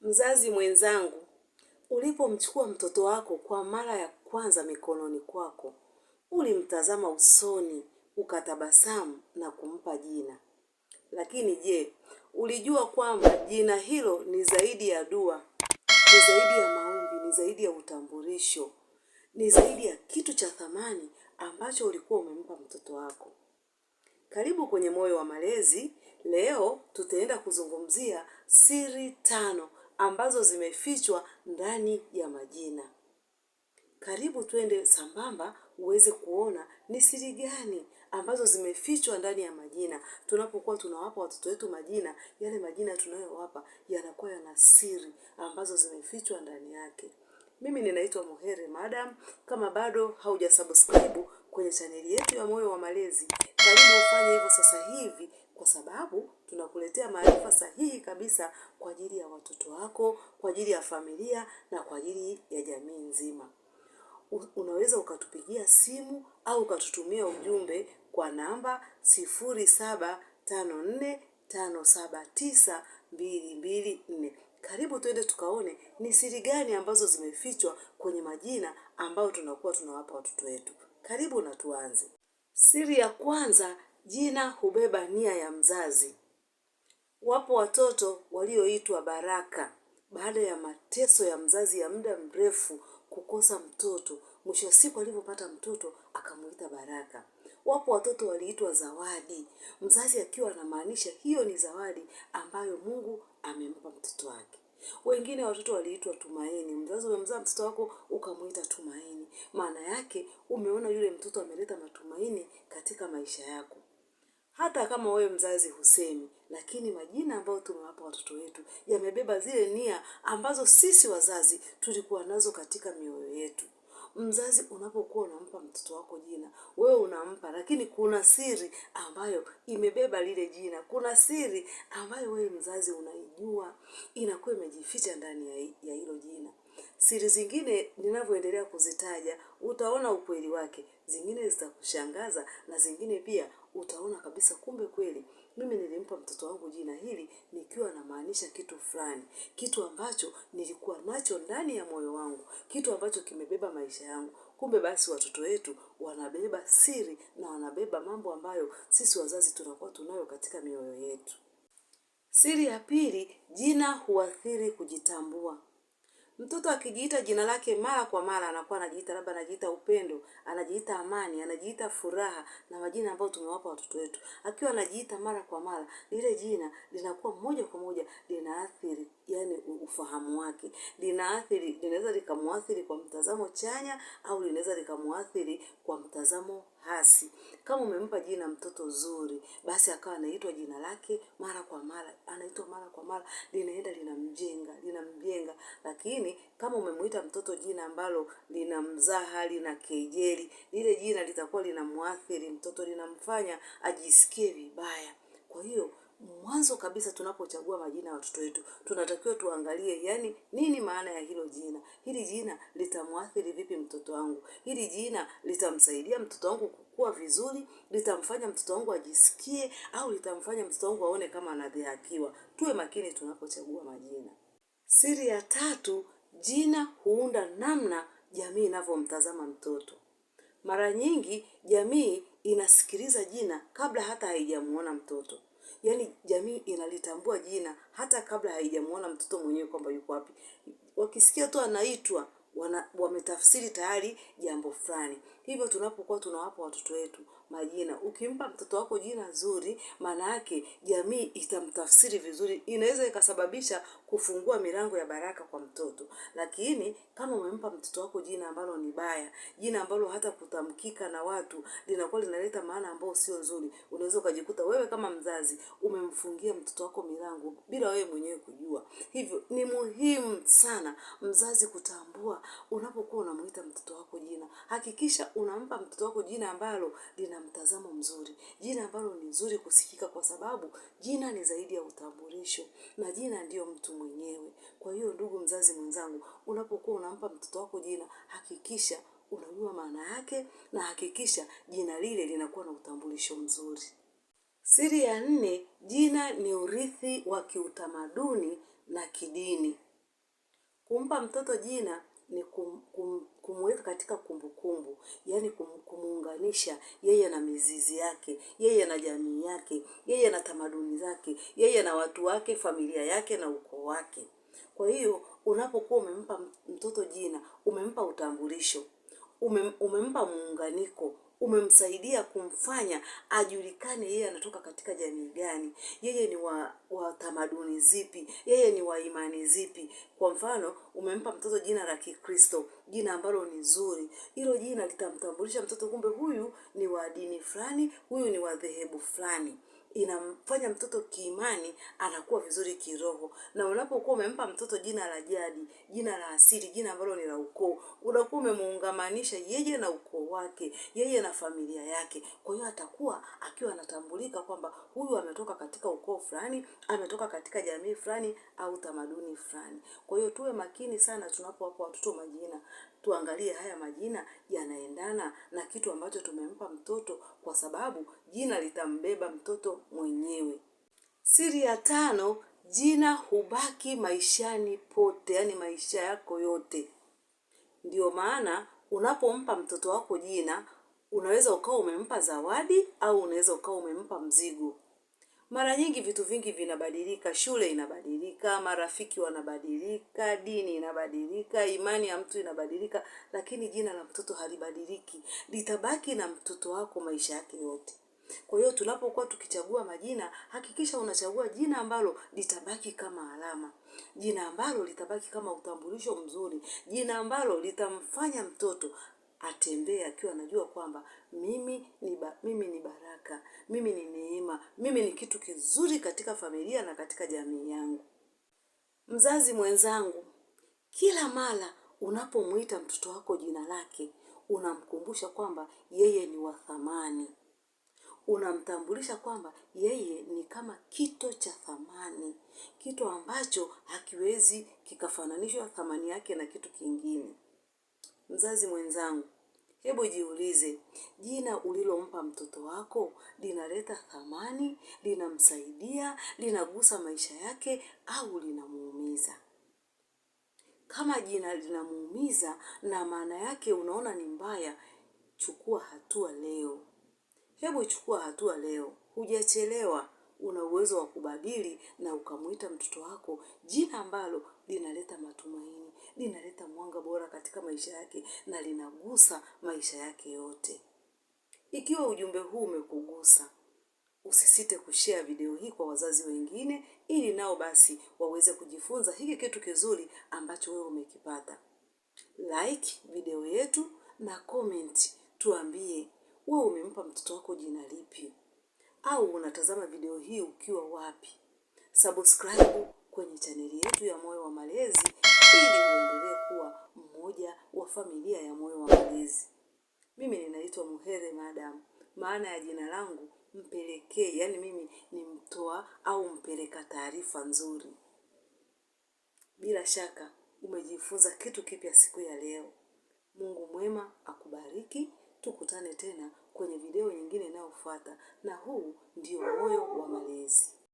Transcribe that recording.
Mzazi mwenzangu, ulipomchukua mtoto wako kwa mara ya kwanza mikononi kwako, ulimtazama usoni, ukatabasamu na kumpa jina. Lakini je, ulijua kwamba jina hilo ni zaidi ya dua, ni zaidi ya maombi, ni zaidi ya utambulisho, ni zaidi ya kitu cha thamani ambacho ulikuwa umempa mtoto wako? Karibu kwenye Moyo wa Malezi. Leo tutaenda kuzungumzia siri tano ambazo zimefichwa ndani ya majina. Karibu twende sambamba uweze kuona ni siri gani ambazo zimefichwa ndani ya majina. Tunapokuwa tunawapa watoto wetu majina, yale majina tunayowapa yanakuwa yana siri ambazo zimefichwa ndani yake. Mimi ninaitwa Muhere Madam. Kama bado haujasubscribe kwenye chaneli yetu ya Moyo wa Malezi, karibu ufanye hivyo sasa hivi, kwa sababu tunakuletea maarifa sahihi kabisa kwa ajili ya watoto wako, kwa ajili ya familia na kwa ajili ya jamii nzima. Unaweza ukatupigia simu au ukatutumia ujumbe kwa namba sifuri saba tano nne tano saba tisa mbili mbili nne. Karibu tuende tukaone ni siri gani ambazo zimefichwa kwenye majina ambayo tunakuwa tunawapa watoto wetu. Karibu na tuanze. Siri ya kwanza, jina hubeba nia ya mzazi. Wapo watoto walioitwa baraka baada ya mateso ya mzazi ya muda mrefu, kukosa mtoto. Mwisho wa siku alipopata mtoto akamuita Baraka. Wapo watoto waliitwa zawadi, mzazi akiwa anamaanisha hiyo ni zawadi ambayo Mungu amempa mtoto wake. Wengine watoto waliitwa tumaini. Mzazi umemzaa mtoto wako ukamwita tumaini, maana yake umeona yule mtoto ameleta matumaini katika maisha yako. Hata kama wewe mzazi husemi, lakini majina ambayo tumewapa watoto wetu yamebeba zile nia ambazo sisi wazazi tulikuwa nazo katika mioyo yetu mzazi unapokuwa unampa mtoto wako jina, wewe unampa, lakini kuna siri ambayo imebeba lile jina. Kuna siri ambayo wewe mzazi unaijua, inakuwa imejificha ndani ya hilo jina. Siri zingine ninavyoendelea kuzitaja utaona ukweli wake, zingine zitakushangaza na zingine pia utaona kabisa kumbe kweli mimi nilimpa mtoto wangu jina hili nikiwa namaanisha kitu fulani, kitu ambacho nilikuwa nacho ndani ya moyo wangu, kitu ambacho kimebeba maisha yangu. Kumbe basi watoto wetu wanabeba siri na wanabeba mambo ambayo sisi wazazi tunakuwa tunayo katika mioyo yetu. Siri ya pili, jina huathiri kujitambua. Mtoto akijiita jina lake mara kwa mara, anakuwa anajiita labda, anajiita upendo, anajiita amani, anajiita furaha na majina ambayo tumewapa watoto wetu, akiwa anajiita mara kwa mara, lile jina linakuwa moja kwa moja linaathiri yani ufahamu wake, linaathiri, linaweza likamuathiri kwa mtazamo chanya au linaweza likamuathiri kwa mtazamo hasi. Kama umempa jina mtoto zuri, basi akawa anaitwa jina lake mara kwa mara, anaitwa mara kwa mara, linaenda linamjenga, linamjenga lakini kama umemuita mtoto jina ambalo lina mzaha, lina kejeli, lile jina litakuwa linamwathiri mtoto, linamfanya ajisikie vibaya. Kwa hiyo mwanzo kabisa tunapochagua majina ya watoto wetu tunatakiwa tuangalie, yani nini maana ya hilo jina? Hili jina litamwathiri vipi mtoto wangu? Hili jina litamsaidia mtoto wangu kukua vizuri? Litamfanya mtoto wangu ajisikie, au litamfanya mtoto wangu aone kama anadhihakiwa? Tuwe makini tunapochagua majina. Siri ya tatu, jina huunda namna jamii inavyomtazama mtoto. Mara nyingi jamii inasikiliza jina kabla hata haijamuona mtoto, yaani jamii inalitambua jina hata kabla haijamuona mtoto mwenyewe kwamba yuko wapi. Wakisikia tu anaitwa wana, wametafsiri tayari jambo fulani. Hivyo tunapokuwa tunawapa watoto wetu majina, ukimpa mtoto wako jina zuri, maana yake jamii itamtafsiri vizuri, inaweza ikasababisha kufungua milango ya baraka kwa mtoto. Lakini kama umempa mtoto wako jina ambalo ni baya, jina ambalo hata kutamkika na watu linakuwa linaleta maana ambayo sio nzuri, unaweza ukajikuta wewe kama mzazi umemfungia mtoto wako milango bila wewe mwenyewe kujua. Hivyo ni muhimu sana mzazi kutambua unapokuwa unamuita mtoto wako jina, hakikisha unampa mtoto wako jina ambalo lina mtazamo mzuri, jina ambalo ni nzuri kusikika, kwa sababu jina ni zaidi ya utambulisho na jina ndiyo mtu mwenyewe. Kwa hiyo ndugu mzazi mwenzangu, unapokuwa unampa mtoto wako jina, hakikisha unajua maana yake na hakikisha jina lile linakuwa na utambulisho mzuri. Siri ya nne, jina ni urithi wa kiutamaduni na kidini. Kumpa mtoto jina ni kum, kum kumweka katika kumbukumbu, yani kumuunganisha yeye na mizizi yake, yeye na jamii yake, yeye na tamaduni zake, yeye na watu wake, familia yake na ukoo wake. Kwa hiyo unapokuwa umempa mtoto jina, umempa utambulisho, umem, umempa muunganiko umemsaidia kumfanya ajulikane yeye anatoka katika jamii gani, yeye ni wa, wa tamaduni zipi, yeye ni wa imani zipi. Kwa mfano, umempa mtoto jina la Kikristo, jina ambalo ni zuri. Hilo jina litamtambulisha mtoto, kumbe huyu ni wa dini fulani, huyu ni wa dhehebu fulani inamfanya mtoto kiimani anakuwa vizuri kiroho. Na unapokuwa umempa mtoto jina la jadi, jina la asili, jina ambalo ni la ukoo, unakuwa umemuungamanisha yeye na ukoo wake, yeye na familia yake. Kwa hiyo atakuwa akiwa anatambulika kwamba huyu ametoka katika ukoo fulani, ametoka katika jamii fulani au tamaduni fulani. Kwa hiyo tuwe makini sana tunapowapa watoto majina tuangalie haya majina yanaendana na kitu ambacho tumempa mtoto, kwa sababu jina litambeba mtoto mwenyewe. Siri ya tano, jina hubaki maishani pote, yaani maisha yako yote. ndio maana unapompa mtoto wako jina, unaweza ukawa umempa zawadi au unaweza ukawa umempa mzigo. Mara nyingi vitu vingi vinabadilika, shule inabadilika, marafiki wanabadilika, dini inabadilika, imani ya mtu inabadilika, lakini jina la mtoto halibadiliki, litabaki na mtoto wako maisha yake yote. Kwa hiyo tunapokuwa tukichagua majina, hakikisha unachagua jina ambalo litabaki kama alama, jina ambalo litabaki kama utambulisho mzuri, jina ambalo litamfanya mtoto atembee akiwa anajua kwamba mimi ni ba, mimi ni baraka, mimi ni neema, mimi ni kitu kizuri katika familia na katika jamii yangu. Mzazi mwenzangu, kila mara unapomwita mtoto wako jina lake, unamkumbusha kwamba yeye ni wa thamani, unamtambulisha kwamba yeye ni kama kito cha thamani, kito ambacho hakiwezi kikafananishwa thamani yake na kitu kingine. Mzazi mwenzangu, Hebu jiulize, jina ulilompa mtoto wako linaleta thamani, linamsaidia, linagusa maisha yake au linamuumiza? Kama jina linamuumiza na maana yake unaona ni mbaya, chukua hatua leo. Hebu chukua hatua leo, hujachelewa. Una uwezo wa kubadili na ukamwita mtoto wako jina ambalo linaleta matumaini, linaleta mwanga bora katika maisha yake na linagusa maisha yake yote. Ikiwa ujumbe huu umekugusa, usisite kushare video hii kwa wazazi wengine, ili nao basi waweze kujifunza hiki kitu kizuri ambacho wewe umekipata. Like video yetu na comment, tuambie wewe umempa mtoto wako jina lipi, au unatazama video hii ukiwa wapi? Subscribe kwenye chaneli yetu ya Moyo wa Malezi ili uendelee kuwa mmoja wa familia ya Moyo wa Malezi. Mimi ninaitwa Muhere Madam, maana ya jina langu mpelekee, yaani mimi ni mtoa au mpeleka taarifa nzuri. Bila shaka umejifunza kitu kipya siku ya leo. Mungu mwema akubariki. Tukutane tena kwenye video nyingine inayofuata, na huu ndio Moyo wa Malezi.